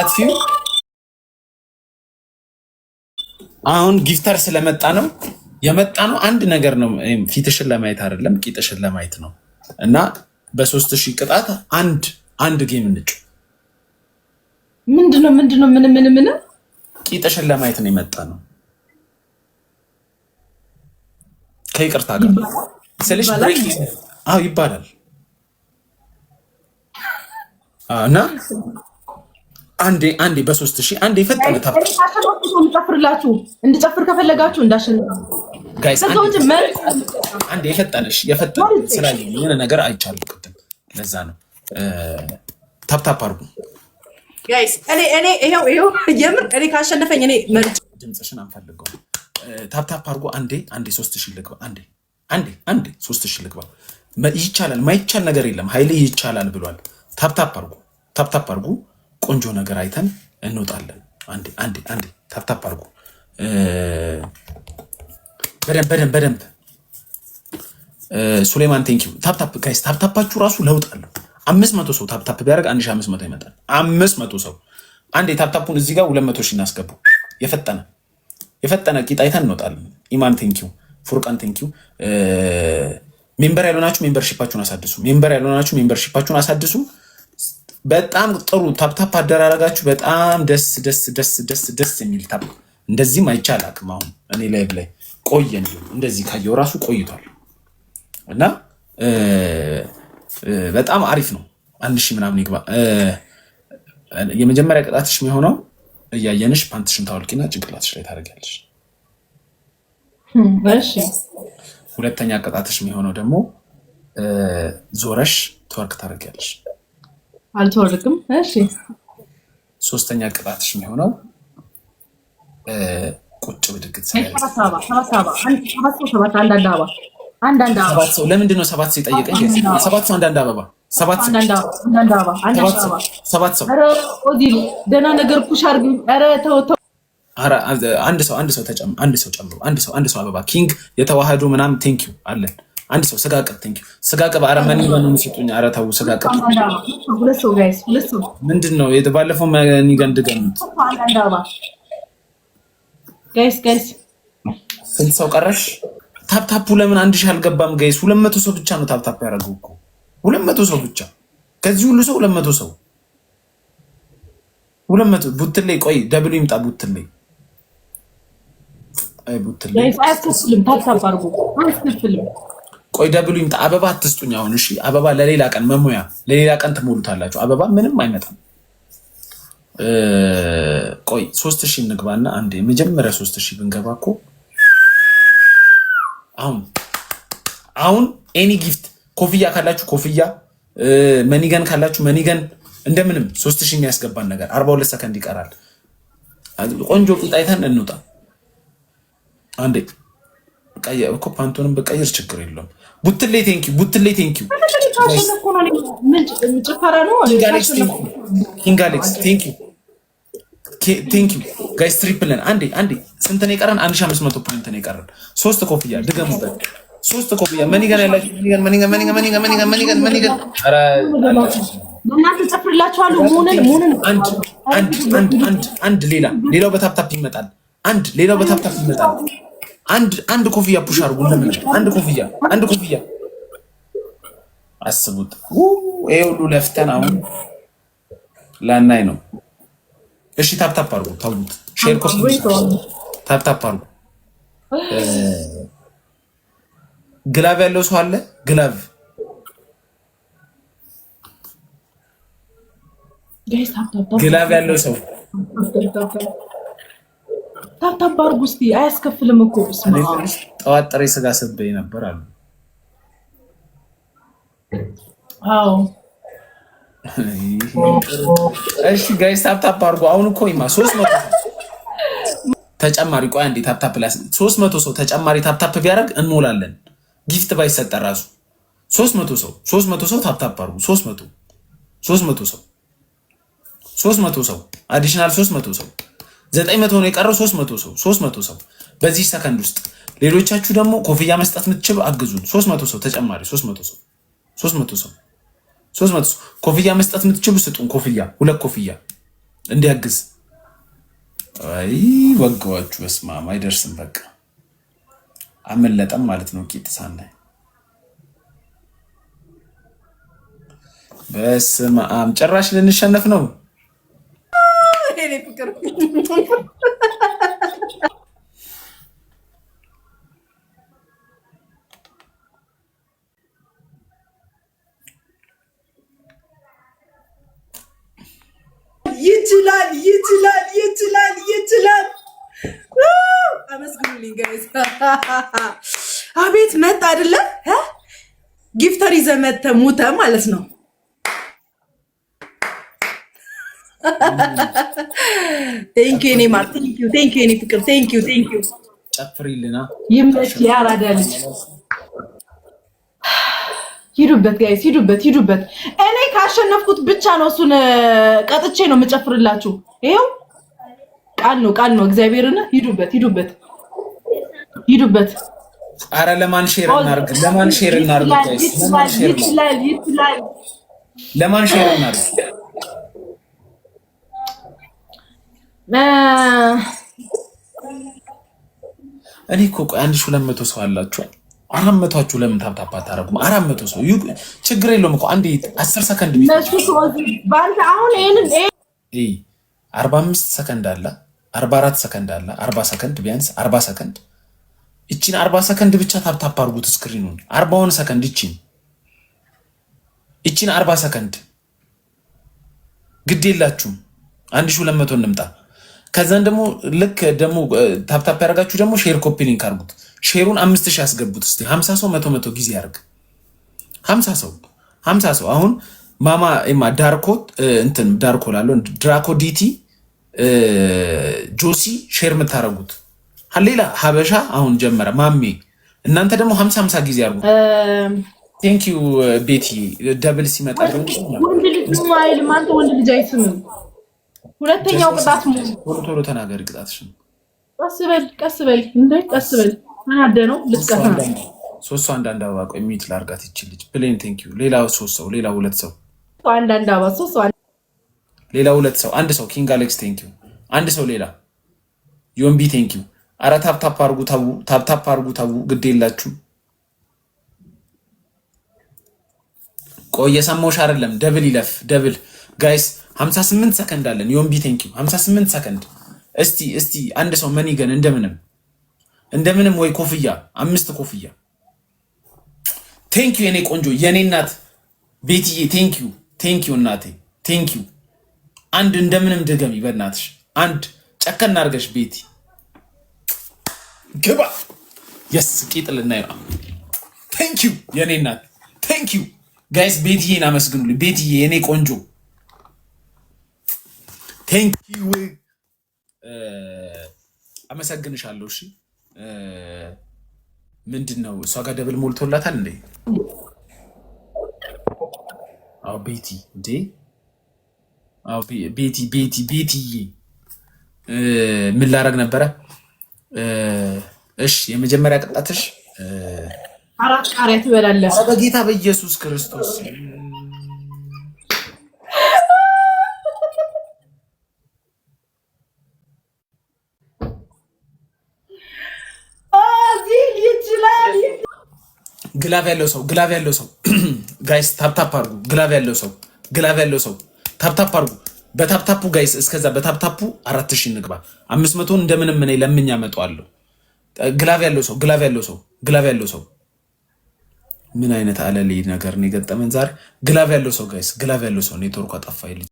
አጥፊው አሁን ጊፍተር ስለመጣ ነው የመጣ ነው። አንድ ነገር ነው። ፊትሽን ለማየት አይደለም ቂጥሽን ለማየት ነው። እና በሶስት ሺህ ቅጣት አንድ አንድ ጌም እንጭ ምንድነው? ምንድነው? ምን ምን ምን ቂጥሽን ለማየት ነው የመጣ ነው። ከይቅርታ ጋር ስልሽ ይባላል እና አንዴ አንዴ በሶስት ሺህ አንዴ የፈጠነ ታፍርላችሁ እንድጨፍር ከፈለጋችሁ እንዳሸንፍ አንዴ የፈጠነሽ የፈጠነ ስላየ የሆነ ነገር አይቻልም። ቅድም ለዛ ነው ታፕታፕ አርጉ ጋይስ። እኔ እኔ ይሄው ይሄው የምር እኔ ካሸነፈኝ እኔ መርጭ ድምፅሽን አንፈልገው። ታፕታፕ አርጉ አንዴ አንዴ ሶስት ሺህ ልግባ። አንዴ አንዴ አንዴ ሶስት ሺህ ልግባ። ይቻላል። ማይቻል ነገር የለም። ኃይሌ ይቻላል ብሏል። ታፕታፕ አርጉ ታፕታፕ አርጉ። ቆንጆ ነገር አይተን እንወጣለን። አንዴ አንዴ አንዴ ታፕታፕ አድርጉ። በደንብ በደንብ በደንብ ሱሌማን ቴንኪው። ታፕታፕ ጋይስ፣ ታፕታፓችሁ ራሱ ለውጥ አለው። አምስት መቶ ሰው ታፕታፕ ቢያደርግ አንድ ሺህ አምስት መቶ ይመጣል። አምስት መቶ ሰው አንድ የታፕታፑን እዚህ ጋር ሁለት መቶ ሺህ እናስገቡ። የፈጠነ የፈጠነ ቂጥ አይተን እንወጣለን። ኢማን ቴንኪው፣ ፉርቃን ቴንኪው። ሜምበር ያልሆናችሁ ሜምበርሺፓችሁን አሳድሱ። ሜምበር ያልሆናችሁ ሜምበርሺፓችሁን አሳድሱ። በጣም ጥሩ ታፕታፕ አደራረጋችሁ። በጣም ደስ ደስ ደስ ደስ ደስ የሚል ታፕ። እንደዚህም አይቻል አቅም አሁን እኔ ላይ ላይ ቆየ እንደዚህ ካየው ራሱ ቆይቷል እና በጣም አሪፍ ነው። አንድ ሺህ ምናምን ይግባ። የመጀመሪያ ቅጣትሽ የሚሆነው እያየንሽ ፓንትሽን ታወልቂና ጭንቅላትሽ ላይ ታደርጊያለሽ። ሁለተኛ ቅጣትሽ የሚሆነው ደግሞ ዞረሽ ትወርክ ታደርጊያለሽ። አልተወርቅም። እሺ ሶስተኛ ቅጣትሽ የሚሆነው ቁጭ ብድግት ሰባት ሰው ለምንድን ነው ሰባት ሰው የጠየቀኝ? ሰባት ሰው አንዳንድ አበባ ሰባት ሰው ደህና ነገር ኩሽ አድርጊ። ኧረ ተው ተው። አንድ ሰው አንድ ሰው አንድ ሰው ጨምሮ አንድ ሰው አንድ ሰው አበባ ኪንግ የተዋህዶ ምናምን ቴንኪው አለን አንድ ሰው ስጋ ቅብ ቴንኪው ስጋ ቅብ አረመኒ ነው ስጡኝ። ኧረ ተው ስጋ ቅብ ምንድን ነው የተባለፈው? መኒ ገንድገኑት ስንት ሰው ቀረሽ? ታፕታፑ ለምን አንድ ሺህ አልገባም? ጋይስ ሁለት መቶ ሰው ብቻ ነው ታፕታፕ ያደረገው እኮ ሁለት መቶ ሰው ብቻ ከዚህ ሁሉ ሰው ሁለት መቶ ሰው ሁለት መቶ ቡትን ላይ ቆይ ደብሉ ይምጣ ቡትን ላይ አይ ቡትን ላይ ታፕታፕ ቆይ ደብሉ ይምጣ። አበባ አትስጡኝ አሁን። እሺ አበባ ለሌላ ቀን መሙያ፣ ለሌላ ቀን ትሞሉታላችሁ። አበባ ምንም አይመጣም። ቆይ ሶስት ሺህ እንግባና አንዴ የመጀመሪያ ሶስት ሺህ ብንገባ እኮ አሁን አሁን ኤኒ ጊፍት ኮፍያ ካላችሁ ኮፍያ፣ መኒገን ካላችሁ መኒገን፣ እንደምንም ሶስት ሺህ የሚያስገባን ነገር አርባ ሁለት ሰከንድ ይቀራል። ቆንጆ ቂጥ አይተን እንውጣ አንዴ። ፓንቶንም በቀይር ችግር የለውም። ቡትሌ ቴንኪው፣ ቡትሌ ቴንኪው፣ ቴንኪው፣ ጋይስ ትሪፕልን። አንዴ አንዴ፣ ስንት ነው የቀረን? አንድ ሺህ አምስት መቶ ፖይንት ነው የቀረን። ሶስት ኮፍያ ድገሙበት፣ ሶስት ኮፍያ መኒገን ያላችሁ መኒገን፣ መኒገን፣ መኒገን፣ መኒገን፣ መኒገን፣ መኒገን አንድ አንድ አንድ አንድ ሌላ ሌላው በታፕታፕ ይመጣል። አንድ ሌላው በታፕታፕ ይመጣል። አንድ አንድ ኮፍያ ፑሽ አድርጉ። አንድ ኮፍያ አንድ ኮፍያ አስቡት። ይሄ ሁሉ ለፍተን አሁን ላናይ ነው። እሺ ታፕታፕ አርጉ። ታውት ሼር ኮስት ታፕታፕ አርጉ። ግላቭ ያለው ሰው አለ? ግላቭ ግላቭ ያለው ሰው ታብታብ አድርጉ እስኪ አያስከፍልም እኮ ጠዋት ጥሬ ስጋ ስበይ ነበር አሉ። አዎ እሺ ጋይስ ታብታብ አድርጉ። አሁን እኮ ይማ ሶስት መቶ ተጨማሪ ቆይ አንዴ ታብታብ ላይ ሶስት መቶ ሰው ተጨማሪ ታብታብ ቢያደርግ እንውላለን ጊፍት ባይሰጠ ራሱ ሶስት መቶ ሰው ሶስት መቶ ሰው ታብታብ አድርጉ። ሶስት መቶ ሶስት መቶ ሰው ሶስት መቶ ሰው አዲሽናል ሶስት መቶ ሰው ዘጠኝ መቶ ነው የቀረው። ሶስት መቶ ሰው ሶስት መቶ ሰው በዚህ ሰከንድ ውስጥ ሌሎቻችሁ ደግሞ ኮፍያ መስጠት የምትችሉ አግዙን። ሶስት መቶ ሰው ተጨማሪ ሶስት መቶ ሰው ሶስት መቶ ሰው ሶስት መቶ ሰው ኮፍያ መስጠት የምትችሉ ስጡን። ኮፍያ ሁለት ኮፍያ እንዲያግዝ አይ ወገዋችሁ። በስመ አብ አይደርስም። በቃ አመለጠም ማለት ነው። ቂጥ ሳነ በስመ አብ ጭራሽ ልንሸነፍ ነው። ይችላል ይችላል ይችላል ይችላል። አመስግኑልኝ ጋይስ። አቤት መጣ አይደለም ጊፍተር ይዘ መተህ ሙተ ማለት ነው። ቴንኪው ኔ ማር፣ ቴንኪው ቴንኪው ኔ ፍቅር፣ ቴንኪው ቴንኪው። ጨፍሪልና ይመች ያራዳልች ሂዱበት ጋይስ፣ ሂዱበት ሂዱበት። እኔ ካሸነፍኩት ብቻ ነው እሱን ቀጥቼ ነው የምጨፍርላችሁ። ይሄው ቃል ነው ቃል ነው። እግዚአብሔርን ሂዱበት ሂዱበት ሂዱበት። አረ ለማን ሼር እናርግ? ለማን ሼር እናርግ? ጋይስ ለማን ሼር እናርግ? እኔ እኮ አንድ ሺህ ሁለት መቶ ሰው አላችኋል አራት መቶአችሁ ለምን ታብታብ አታደርጉም? አራት መቶ ሰው ችግር የለውም እኮ አንድ አስር ሰከንድ አርባ አምስት ሰከንድ አለ፣ አርባ አራት ሰከንድ አለ፣ አርባ ሰከንድ ቢያንስ አርባ ሰከንድ እቺን አርባ ሰከንድ ብቻ ታብታብ አርጉት እስክሪኑን አርባውን ሰከንድ እቺን እቺን አርባ ሰከንድ ግድ የላችሁም። አንድ ሺ ሁለት መቶ እንምጣ። ከዛን ደግሞ ልክ ደግሞ ታብታብ ያደርጋችሁ ደግሞ ሼር ኮፒ ሊንክ አርጉት ሼሩን አምስት ሺህ ያስገቡት ስ ሀምሳ ሰው መቶ መቶ ጊዜ ያርግ ሀምሳ ሰው ሀምሳ ሰው አሁን ማማ ማ ዳርኮ እንትን ዳርኮ ላለ ድራኮ ዲቲ ጆሲ ሼር የምታደርጉት ሌላ ሀበሻ አሁን ጀመረ ማሜ እናንተ ደግሞ ሀምሳ ሀምሳ ጊዜ አርጉ። ቴንክ ዩ ቤቲ ደብል ሲመጣ ወንድ ልጅ አይልም። አንተ ወንድ ልጅ አይስምም። ሁለተኛው ቅጣት ቶሎ ተናገር። ቅጣት ቀስ በል ቀስ በል እንደ ቀስ በል ነው ሶስት አንዳንድ አበባ ቆይ ሚት ላርጋት ይችልች ብሌን ቴንክ ዩ ሌላ ሶስት ሰው ሌላ ሁለት ሰው አንዳንድ አበባ ሶስት ሌላ ሁለት ሰው አንድ ሰው ኪንግ አሌክስ ቴንክ ዩ አንድ ሰው ሌላ ዮንቢ ቴንክ ዩ አረ ታፕታፕ አርጉ ታፕታፕ አርጉ ታቡ ግድ የላችሁ ቆይ የሰማሁሽ አይደለም ደብል ይለፍ ደብል ጋይስ 58 ሰከንድ አለን ዮንቢ ቴንክ ዩ 58 ሰከንድ እስቲ እስቲ አንድ ሰው መኒገን እንደምንም እንደምንም ወይ ኮፍያ አምስት ኮፍያ። ቴንኪዩ የኔ ቆንጆ የኔ እናት ቤትዬ፣ ቴንኪዩ ቴንኪዩ እናቴ ቴንኪዩ። አንድ እንደምንም ድገም በእናትሽ አንድ ጨከና አድርገሽ ቤቲ ግባ። የስ ቂጥልና ይባ ቴንኪዩ የኔ እናት ቴንኪዩ ጋይስ። ቤትዬን አመስግኑልኝ ቤትዬ የኔ ቆንጆ ቴንኪዩ አመሰግንሻለሁ። እሺ ምንድን ነው እሷ ጋር ደብል ሞልቶላታል እንዴ? አዎ ቤቲ እንዴ? አዎ ቤቲ ቤቲ ቤቲዬ ምን ላረግ ነበረ? እሺ የመጀመሪያ ቅጣትሽ አራት ቃሪያ ትበላለህ። በጌታ በኢየሱስ ክርስቶስ ግላቭ ያለው ሰው ግላቭ ያለው ሰው ጋይስ ታፕታፕ አርጉ። ግላቭ ያለው ሰው ግላቭ ያለው ሰው ታፕታፕ አርጉ። በታፕታፑ ጋይስ እስከዛ በታፕታፑ አራት ሺህ ንግባ። አምስት መቶን እንደምንም እኔ ለምኝ አመጣዋለሁ። ግላቭ ያለው ሰው ግላቭ ያለው ሰው ግላቭ ያለው ሰው ምን አይነት አለሌ ነገር ነው የገጠመን ዛሬ? ግላቭ ያለው ሰው ጋይስ ግላቭ ያለው ሰው ኔትወርኩ አጠፋ።